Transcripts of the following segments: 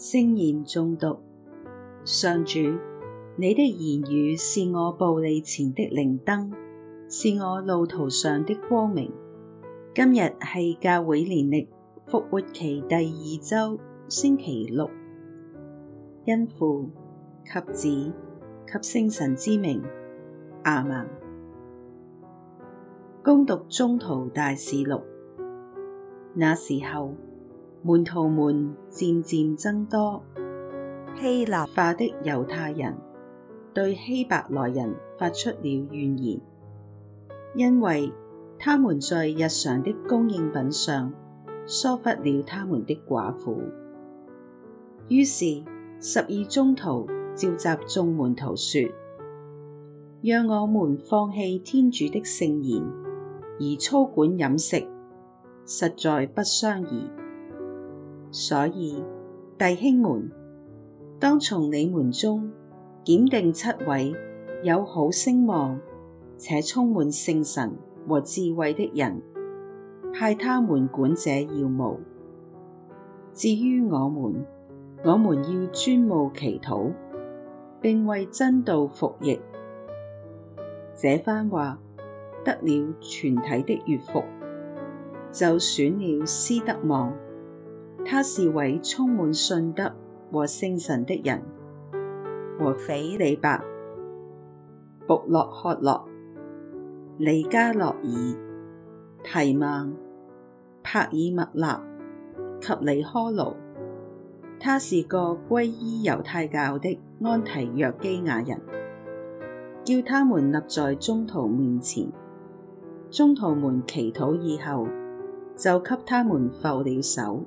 聖言誦讀，上主，你的言語是我步履前的靈燈，是我路途上的光明。今日係教會年曆復活期第二周，星期六，因父及子及聖神之名，阿門。恭讀宗徒大事錄，那時候。門徒們漸漸增多，希臘化的猶太人對希伯來人發出了怨言，因為他們在日常的供應品上疏忽了他們的寡婦。於是十二宗徒召集眾門徒說：讓我們放棄天主的聖言而操管飲食，實在不相宜。所以，弟兄們，當從你們中檢定七位有好聲望且充滿聖神和智慧的人，派他們管這要務。至於我們，我們要專務祈禱，並為真道服役。這番話得了全體的悦服，就選了斯德望。他是位充滿信德和聖神的人，和斐理伯、僕洛曷洛、尼加諾爾、提孟、帕爾默納及尼苛勞。他是個皈依猶太教的安提約基雅人，叫他們立在宗徒面前。宗徒們祈禱以後，就給他們覆了手。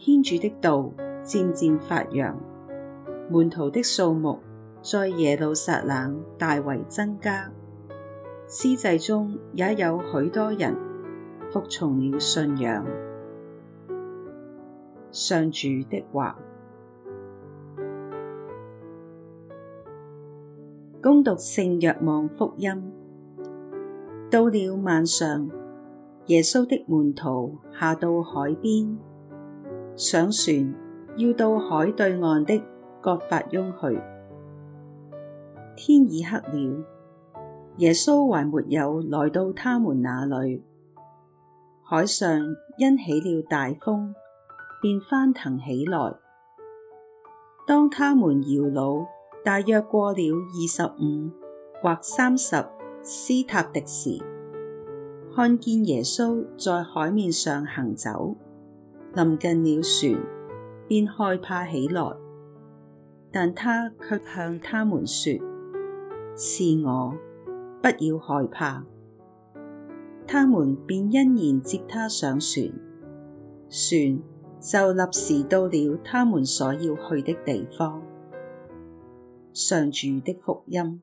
天主的道漸漸發揚，門徒的數目在耶路撒冷大為增加，司祭中也有許多人服從了信仰。上主的話。恭讀聖若望福音。到了晚上，耶穌的門徒下到海邊。上船要到海對岸的葛法翁去，天已黑了，耶穌還沒有來到他們那裏。海上因起了大風，便翻騰起來。當他們搖櫓，大約過了二十五或三十斯塔狄時，看見耶穌在海面上行走。臨近了船，便害怕起來，但他却向他們說：是我，不要害怕。他們便欣然接他上船，船就立時到了他們所要去的地方。上主的福音。